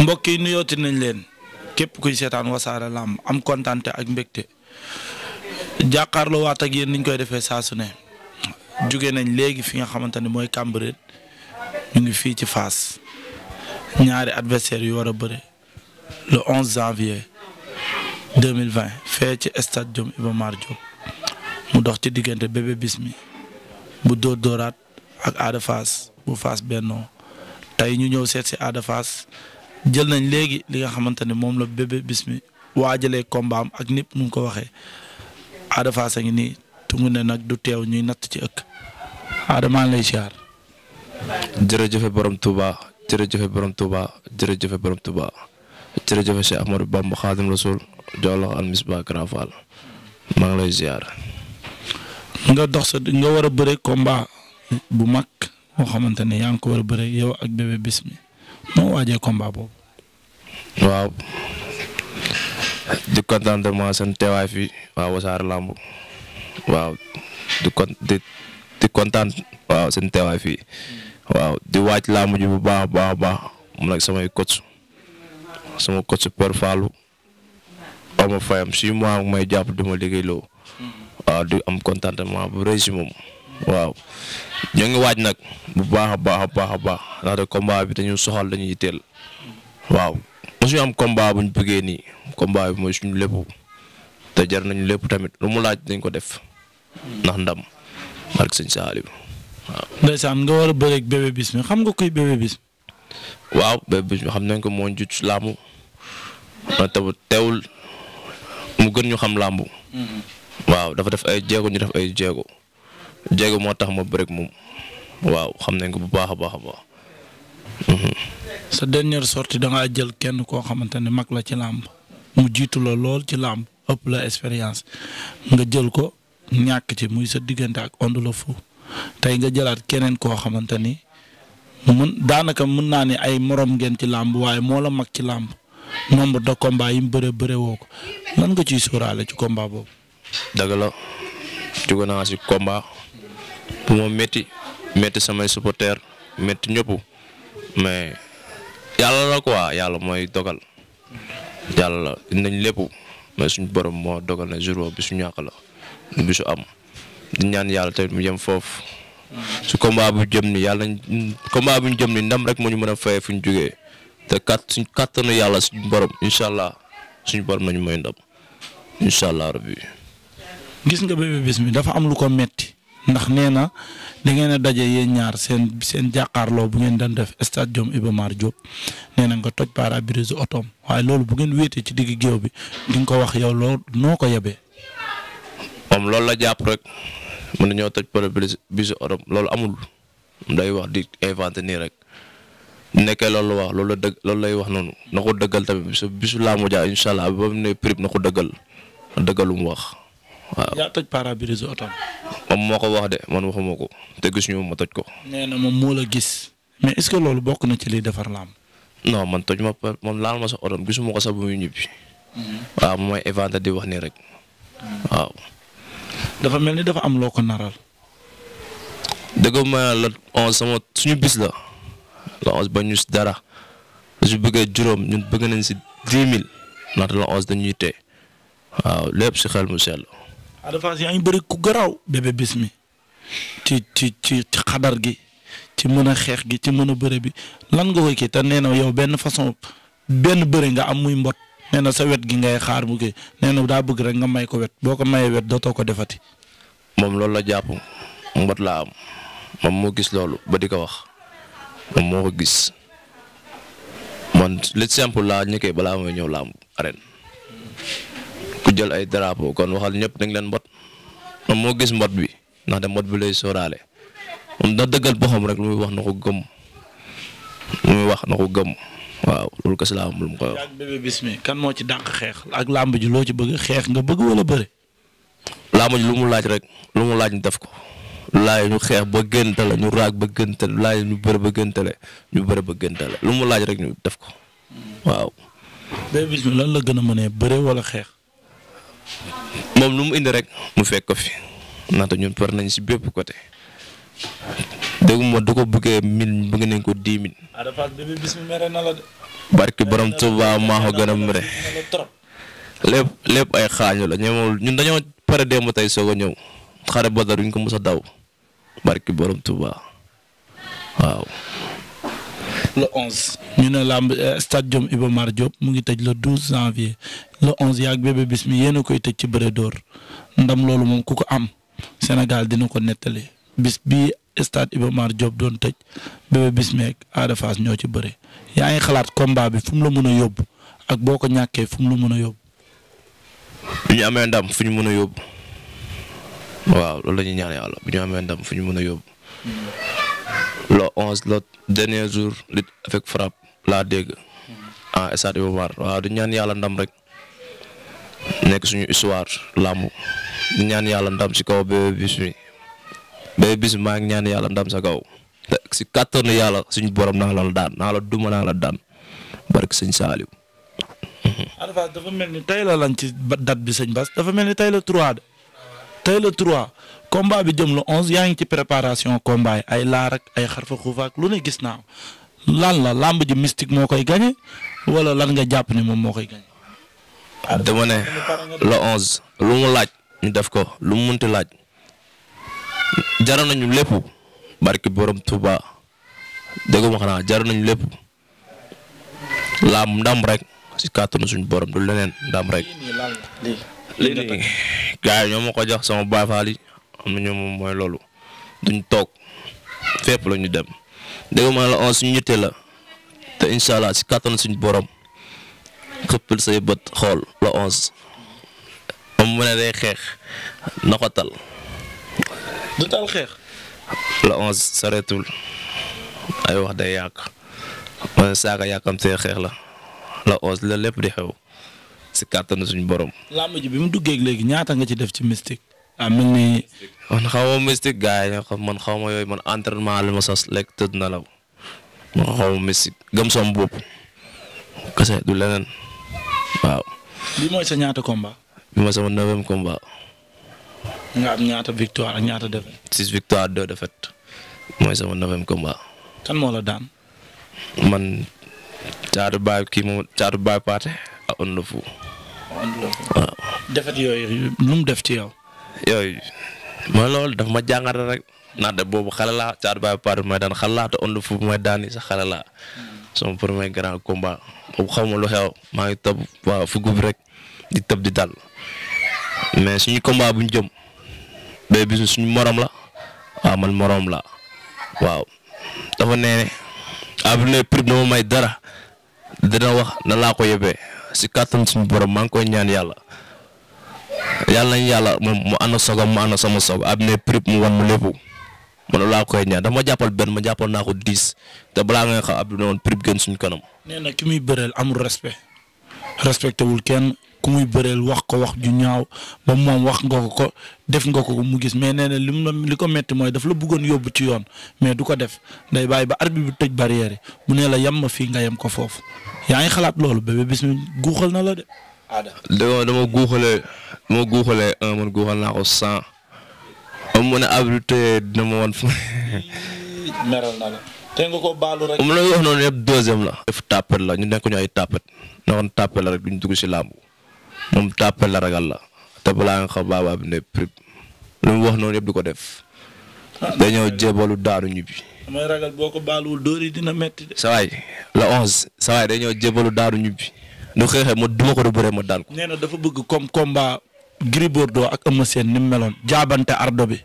mbokk yi nuyooti nañ leen képp kuy seetaan wasaare làmb am kontante ak mbégte jàkkaarloo waat ak yéen niñ koy defee saasu ne jóge nañ léegi fi nga xamante ne mooy Cambérène ñu ngi fii ci Fass ñaari adversaire yu war a bëre le 11 janvier 2020 fee ci stade Jom Iba Mar Diop mu dox ci diggante Bébé Bismi bu dóor dóoraat ak Ada Fass bu Fass Benno tey ñu ñëw seet si Ada Fass jël nañ léegi li nga xamante ne moom la Bébé Bismi waajalee kombaam ak ñëpp nu ko waxee Ada ngi nii tungu ne nag du teew ñuy natt ci ëkk Ada maa lay siyaar. jërëjëf borom Touba jërëjëf borom Touba jërëjëf borom Touba jërëjëf Cheikh Ahmadou Bamba Xaadim Rasul Jolox Al Misbah Karafal maa ngi lay siyaar. nga dox sa nga war a bëre combat bu mag moo xamante ne yaa ngi ko war a bëre yow ak Bébé Bismi. moo waajee combat boobu. waaw di contentement seen teewaay fii waaw Wassare Lamb waaw di kon di di kontaan waaw seen teewaay fii waaw di waaj làmb ji bu baax a baax a baax mu nag samay coach sama coach Père Fallou ama fayam may jàpp di ma liggéeyloo hmm. waaw di am contentement bu rëy moom waaw ñoo ngi waaj nag bu baax a baax a baax a baax ndaxte combat bi dañu soxal dañuy teel waaw mosuñu am combat bu ñu bëggee nii combat bi mooy suñu lépp te jar nañu lépp tamit lu mu laaj dañ ko def ndax ndam barke sëñ Saaliw waaw. ndeysaan nga war a bëreeg bis mi xam nga koy bébé bis. waaw bébé bis mi xam nañ ko moo ñu jut làmb te teewul mu gën ñu xam làmb. Mm-hmm. waaw dafa def ay jéego ñu def ay jéego. jéego moo tax ma bëreeg moom waaw xam nañ ko bu baax a baax a baax. Mhm. sa dernière sorti da jël kenn koo xamante ne mag la ci làmb mu jiitu la lool ci làmb ëpp la expérience nga jël ko ñàkk ci muy sa diggante ak Onde le Fou tey nga jëlaat keneen koo xamante ni mun daanaka mun naa ne ay morom ngeen ci làmb waaye moo la mag ci làmb nombre de combat yi mu bëree bëree woo ko lan nga ciy sóoraale ci komba boobu. dëgg la jóge naa si combat. bu ma métti métti samay supporters métti ñëpp mais yàlla la quoi yàlla mooy dogal yàlla nañ lépp mais suñ borom moo dogal ne jour bi su ñàkk la bi su am di ñaan yàlla te mu jëm foofu. su combat bu jëm ni yàlla combat bu ñu jëm ni ndam rek moo ñu mën a fayee fu ñu jógee te kat suñ kattanu borom incha allah suñu borom nañu mooy ndam incha allah rabbi gis nga Bébé Bismi dafa am lu ko metti ndax nee na da ngeen a daje yéen ñaar seen seen jàkkaarloo bu ngeen daan def stade Jom Iba Mar Diop nee na nga toj para brise otoom waaye loolu bu ngeen wéetee ci diggu géew bi di nga ko wax yow loo noo ko yebee. moom loolu la jàpp rek mën nañoo toj pare-brise otoom loolu amul day wax di inventé nii rek nekkee loolu wax loolu la dëgg loolu lay wax noonu na ko dëggal tamit bisu bisu laamu jaa allah ba mu ne prib na ko dëggal dëggal wax. waaw yaa toj pare oto moom moo ko wax de man waxuma ko te gis ma toj ko. nee na moom moo la gis. mais est-ce que loolu bokk na ci liy defar laam. non man toj ma par man laal ma sa oto gisuma ko sax bu muy ñibbi. waaw moom mooy éventer di wax nii rek. waaw. dafa mel ni dafa am loo ko naral. dëgg ma la on sama suñu bis la la on ba dara su bëggee juróom ñun bëgg nañ si dix mil ndaxte la on dañuy tee waaw lépp si xel mu sell. Ada Fass yaa ngi bëri ku garaaw Bébé Bismi ci ci ci ci xadar gi ci mën a xeex gi ci mën a bëre bi lan nga koy te nee na yow benn façon benn bëre nga am muy mbot nee na sa wet gi ngay xaar bu kii nee na daa bëgg rek nga may ko wet boo ko mayee wet dootoo ko defati. moom loolu la jàpp mbot laa am moom moo gis loolu ba di ko wax moom moo ko gis man li laa ñëkkee balaa may ñëw làmb arène ku jël ay drapeau kon waxal ñëpp dañ leen mbot moom moo gis mbot bi ndax de mbot bi lay sóoraale moom da dëggal boppam rek lu muy wax na ko gëm lu muy wax na ko gëm waaw loolu kese laa am lu mu koy wax. kan moo ci dànq xeex ak làmb ji loo ci bëgg xeex nga bëgg wala bëre. làmb ji lu mu laaj rek lu mu laaj ñu def ko laaj ñu xeex ba gëntale ñu raag ba gëntale laaj ñu bëre ba ñu bëre ba lu mu laaj rek ñu def ko hmm. waaw. Bébé la gën a mënee bëre wala xeex. moom lu mu indi rek mu fekk ko fi naata ñun par nañ si bépp côté dégg ma du ko buggee mille bëgg nañ ko dix mille. barki borom Tuuba maa gën a mere lépp lépp ay xaañu la ñoom ñun dañoo pare démb tey soog a ñëw xare Badar ñu ko mos a daw barki borom Tuuba waaw. le 11. ñu ne làmb euh, stadium Iba Mar Diop mu ngi tëj le 12 janvier le 11 yaag bébé bis mi yéen a koy tëj ci bëre dóor ndam loolu moom ku ko am Sénégal dina ko nettali bis bi stade Iba Mar doon tëj bébé bis meeg ñoo ci bëre yaa ngi xalaat combat bi fu mu la mën a yóbbu ak boo ko ñàkkee fu mu la mën a yóbbu. bu ñu amee ndam fu ñu mën a yóbbu. waaw loolu la ñuy ñaan yàlla bu ñu amee ndam fu ñu mën a yóbbu. le onze le dernier jour lutte avec frappe laa dégg ah stade Iba waaw di ñaan yàlla ndam rek nekk suñu histoire làmb di ñaan yàlla ndam si kaw Bébé Bismi Bébé Bismi maa ñaan yàlla ndam sa kaw si kàttanu yàlla suñu borom naa la daan naa la duma naa la daan barke sëñ Saaliw. dafa mel ni tey lañ ci date bi sëñ Bass dafa mel ni tey la de tey la combat bi jëm lu onze yaa ngi ci préparation combat ay laar ay xarfa xuufa lu ne gis naa lan la làmb ji mystique moo koy gañe wala lan nga jàpp ne moom moo koy gañe. Ah, dama ne le onze lu mu laaj ñu def ko lu mu munti laaj jaral ñu lépp barki borom Touba dégg ma xanaa jaral lépp laam ndam rek si kàttanu suñu borom du leneen ndam rek. lii nii gars yi ñoo ma ko jox sama baay am na ñoom moom mooy loolu duñ toog fépp la ñu dem dégg ma la on suñu yitte la te incha si kattan suñu borom xëppal say bët xool la onze am mu day xeex na xeex. la onze sareetul ay wax day yàq man saaka yàkkamtee xeex la la onze la lépp di xew si kattanu suñu borom. làmb ji bi mu duggee léegi ñaata nga ci def ci mystique. ah man xaw ma mystique gars man xaw ma yooyu man entraînement la ma sas lekk tëdd na la man xaw ma mystique gëm som bopp kese du leneen waaw. bi mooy sa ñaata combat. bi mooy sama neuvième combat. nga am ak ñaata défaite. six victoire deux défaite mooy sama neuvième combat. kan moo la daan. man caatu baay a ond waaw. défaite yooyu lu mu def ci yow. yooyu ma loolu daf ma jàngat rek ndaxte boobu xale laa caatu baay paadu may daan xale te ondu fu may daan sa xale laa sama premier grand combat boobu xaw ma lu xew maa ngi topp waa fugu rek di tëb di dal suñu combat bu jëm suñu morom la waaw man moroom la waaw dafa nee ne abdoulaye Pride dama may dara dina wax na laa ko yóbbee si kàttan suñu borom maa ngi koy ñaan yàlla. yàlla nañ yàlla moom mu ànd sogam mu ànd sama sog ab ne prip mu wan mu lépp man laa koy ñaan dafa ma jàppal benn ma jàppal naa ko dix te balaa nga xam Abdou ne woon prip gën suñu kanam. nee na ki muy bëreel amul respect respecté wul kenn ku muy bëreel wax ko wax ju ñaaw ba moom wax nga ko ko def nga ko mu gis mais nee na li mu li ko métti mooy daf la buggoon yóbbu ci yoon mais du ko def day bàyyi ba arbitre bi tëj barrière yi bu ne la yem ma fii nga yem ko foofu dama dama guuxale dama guuxale un ah, man guuxal naa ko cent am mu ne abrité dina ma wan meral na la te nga ko baalu rek mu la wax noonu yëpp deuxième la def tàppet la ñu nekk ñu ay tàppet na woon tàppet la rek duñ dugg si làmb moom tàppet la ragal la te balaa nga ne prib lu mu wax noonu yëpp di ko def dañoo jébalu daanu ñibbi damay ragal dina metti de sawaay la onze sawaay dañoo jébalu daanu ñibbi du xeexee ma du ko du bëree ma daal ko. nee dafa bëgg comme combat Gris Bordeaux ak Eumeu Sène ni meloon jaabante ardo bi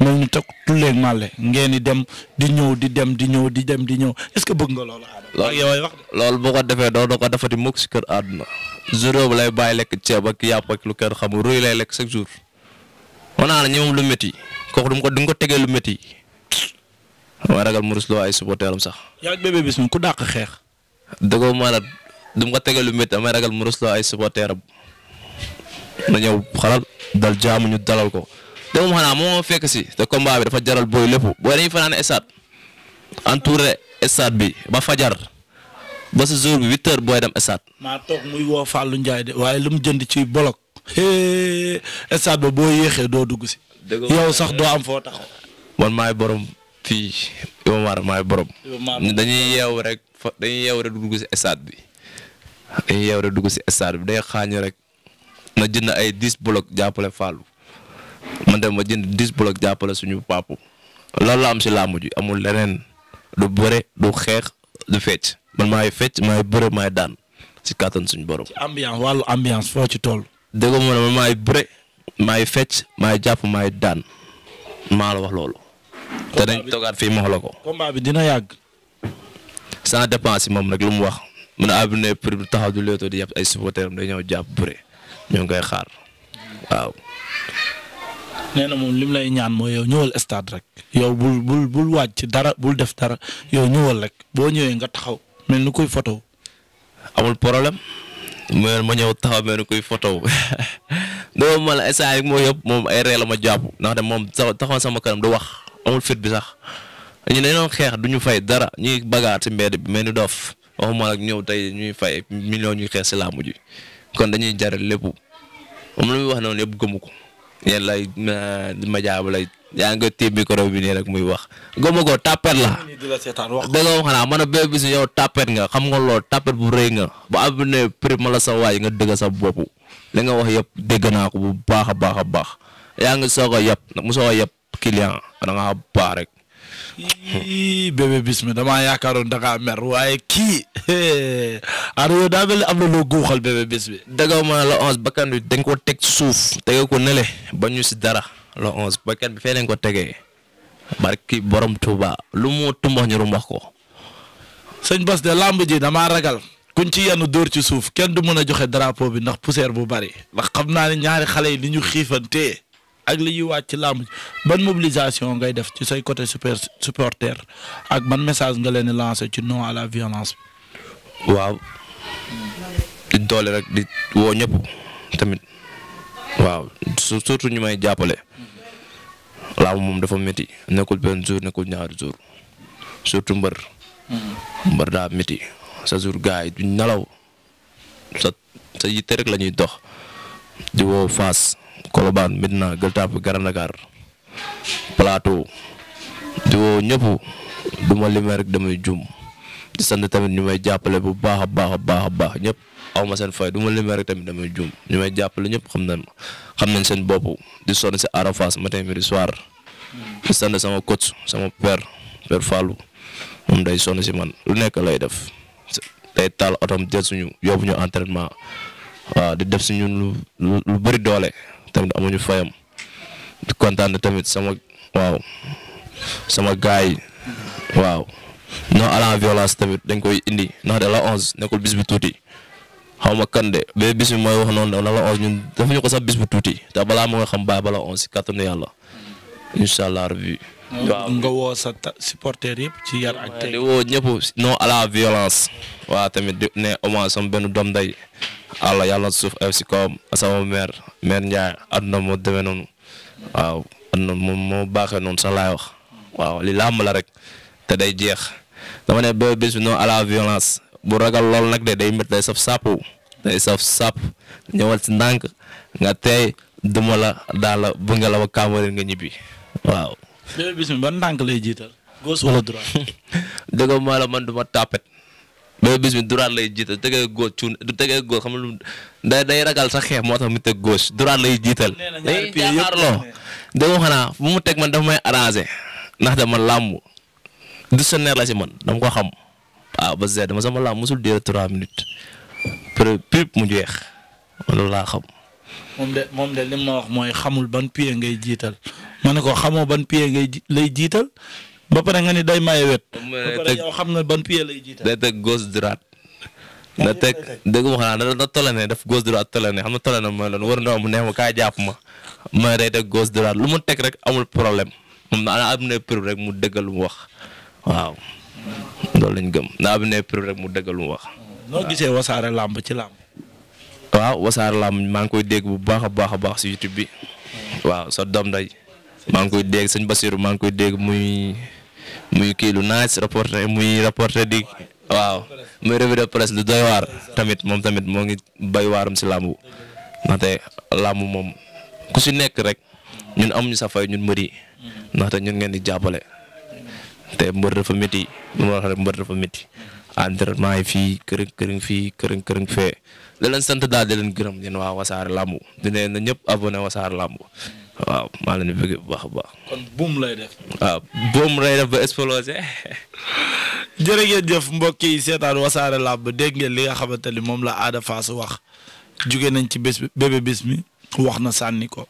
mel ni toog tulleeg màlle ngeen di dem di ñëw di dem di ñëw di dem di ñëw est ce que bëgg nga loolu. loolu yow wax loolu boo ko defee doo doo ko ti mukk si kër àdduna. juróom lay bàyyi lekk ceeb ak yàpp ak lu kenn xamul ruy lay lekk chaque jour. wax naa la ñoom lu métti kooku du ko du nga ko tegee lu métti. waaye ragal mu rusloo ay supporteram sax. yaa xeex. dëggoo maanaam du ma ko tegal lu métti damay ragal mu rusloo ay supporter am na ñëw xalal dal jaamu ñu dalal ko. te moom xanaa moo fekk si te combat bi dafa jaral booy lépp booy dañuy fanaan stade entouré stade bi ba fajar ba sa jour bi huit booy dem stade. maa toog muy woo Fallou Ndiaye de waaye lu mu jënd ci bolok. stade ba boo yéexee doo dugg si. yow sax doo am foo taxaw. man maay borom fii Iba Mar maay borom. dañuy yeew rek dañuy yeew rek dugg si stade bi. dañuy yeew dugg si stade bi day xaañu rek na jënd ay dix bloc jàppale Fallou man dem ma jënd dis bloc jàppale suñu papu loolu la am si làmb ji amul leneen du bëre du xeex du fecc man maay fecc maay bëre maay daan si kàttan suñu borom. ci ambiance wàllu ambiance foo ci tool dégg nga man maay bëre maay fecc maay jàpp maay daan maa la wax loolu. te dañ toogaat fii ma xoolal ko. combat bi dina yàgg. sans dépense moom rek lu mu wax. mun a abdoulaye pour taxaw du léetoo di yàpp ay supporteram day ñëw jàpp bëre ñoo ngi koy xaar waaw. nee na moom lim lay ñaan mooy yow ñëwal stade rek yow bul bul waaj ci dara bul def dara yow ñëwal rek boo ñëwee nga taxaw mel ni kuy photo amul problème man ma ñëw taxaw mel ni kuy photo doo ma la instant moo yëpp moom ay ma jàpp ndax de moom taxaw sama kanam du wax amul fit bi sax ñu ne ñoo xeex du ñu fay dara ñuy bagaar ci mbedd bi mel ni dof waxuma nag ñëw tey ñuy fay millions ñuy xeex si làmb kon dañuy jaral lépp moom lu muy wax noonu lépp gëmu ko yéen lay ma jaab lay yaa nga téye micro bi nii rek muy wax gëmu ko tapet la. da nga wax naa man bee bis yow tapet nga xam nga lool tapet bu rëy nga ba ab ne prix ma sa waay nga dëgg sa bopp li nga wax yëpp dégg naa ko bu baax a baax a baax yaa ngi soog a yëpp nag yëpp client da nga baax rek. yii bébé bismi damaa yaakaaroon da mer waaye kii Ardo daa mel ni am na loo guuxal bébé bismi. dagaw ma la onze bakkan bi dañ ko teg ci suuf tege ko nele ba si dara la onze bakkan bi fee lañ ko tegee kii borom tuuba lu mu tumbax ñu rumbax ko. sëñ Bas de lamb ji damaa ragal. kuñ ci yenn dóor ci suuf kenn du mën a joxe drapeau bi ndax poussière bu bari ndax xam naa ne ñaari xale yi li ñu xiifantee ak li ñuy wàcc ci làmb ban mobilisation ngay def ci say côté super supporter ak ban message nga leen lancé ci non à la violence. waaw di doole rek di woo ñëpp tamit waaw surtout ñu may jàppale. làmb moom dafa métti nekkul benn jour nekkul ñaari jour surtout mbër. Mm-hmm. mbër daa métti sa jour gars yi duñ sa yitte rek la dox di woo Fass Colobane Medina Gueule Tapée Grand Dakar Plateau di ñëpp du ma limee rek damay jum di sant tamit ñu may jàppale bu baax a baax baax baax ñëpp aw ma seen fay du ma limee rek tamit damay jum ñu may jàppale ñëpp xam nañ xam nañ seen bopp di sonn si Arafas matin midi soir di sant sama coach sama père père Fallou moom day sonn si man lu nekk lay def day taal otom jël suñu yóbbu ñu entraînement waaw di def si ñun lu lu bëri doole tamit amuñu fayam di kontaan tamit sama waaw sama gaay waaw non à la violence tamit dañ koy indi ndax de la onze nekkul bis bu tuuti xaw ma kan de ba bis mooy wax noonu la la onze ñun defuñu ko sax bis bu tuuti te balaa moo xam bàyyi bala onze si kàttanu yàlla incha allah rabbi waaw nga yëpp ci yar ak tey di woo ñëpp non à violence waaw tamit di ne hommage sama benn doom day àlla yàlla suuf af si kawam sama mère mère Ndiaye àdduna moo demee noonu waaw àdduna moom moo baaxee noonu sax laay wax waaw li làmb la rek te day jeex dama ne ba bés bi non à violence bu ragal lool nag de day métti day saf sàpp day saf sàpp ñëwal si ndànk nga tey duma la daal la bu la wa Cambérène nga ñibbi waaw Bébé Bismi ban tànk lay jiital gauche wala droite. dëgg maa du ma tapet Bébé lay jiital tegee gauche cuun du tegee gauche xam lu day day ragal sa xeex moo tax mu teg gauche droite lay jiital. day jaaxaarloo dëgg xanaa bu mu teg man dafa may arrangé ndax dama làmb dictionnaire la si man dama ko xam waaw ba Z dama sama làmb mosul diir trois minutes pour pip mu jeex loolu laa xam. moom de moom de wax mooy xamul ban pied ngay jiital ma ne ko xamoo ban pied ngay lay jiital ba pare nga ni day maye wet. ba pare xam nga ban pied lay jiital. day teg gauche droite. da teg dëgg ma xanaa da da tolane daf gauche droite ne xam na tolane mooy loolu war na mu neex ma kaa jàpp ma ma day teg gauche droite lu mu teg rek amul problème moom na am na preuve rek mu dëggal lu mu wax waaw. loolu lañ gëm naa am na preuve rek mu dëggal lu mu wax. waaw wasaare lamb maa ngi koy dégg bu baax a baax a baax si YouTube bi waaw sa doom day maa ngi koy dégg sëñ Basiru maa ngi koy dégg muy muy kii lu naaj rapporteur muy rapporteur di waaw muy revue de presse lu doy waar tamit moom tamit moo ngi bay waaram si làmb ndaxte làmb moom ku si nekk rek ñun amuñu sa fay ñun mbër yi ndaxte ñun ngeen di jàppale te mbër dafa métti lu ma mbër dafa métti entraînement yi fi kërëng kërëng fi kërëng kërëng fee da leen daal di leen gërëm yéen waa wasaare làmb di ne na ñëpp abonné wasaare làmb waaw maa leen bëgg a baax. kon buum lay def. waaw buum lay def ba explosé. jërëjëf mbokk yi seetaan wasaare làmb dégg ngeen li nga xamante ni moom la Ada Fass wax jóge nañ ci bés bébé mi wax na sànni ko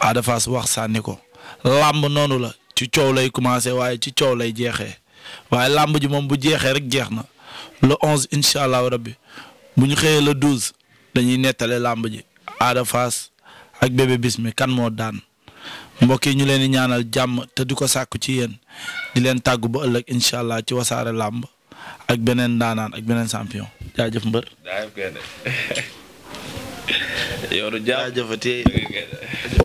Ada wax sànni ko làmb noonu la ci coow lay commencé waaye ci coow lay jeexee. waaye làmb ji moom bu jeexee rek jeex na le onze incha allah rabbi bu ñu xëyee le douze dañuy nettale làmb ji Ada Fass ak Bébé Bismi kan moo daan mbokk ñu leen di ñaanal jàmm te di ko sàkku ci yéen di leen tàgg ba ëllëg incha allah ci wasaare làmb ak beneen daanaan ak beneen sampion jaajëf mbër.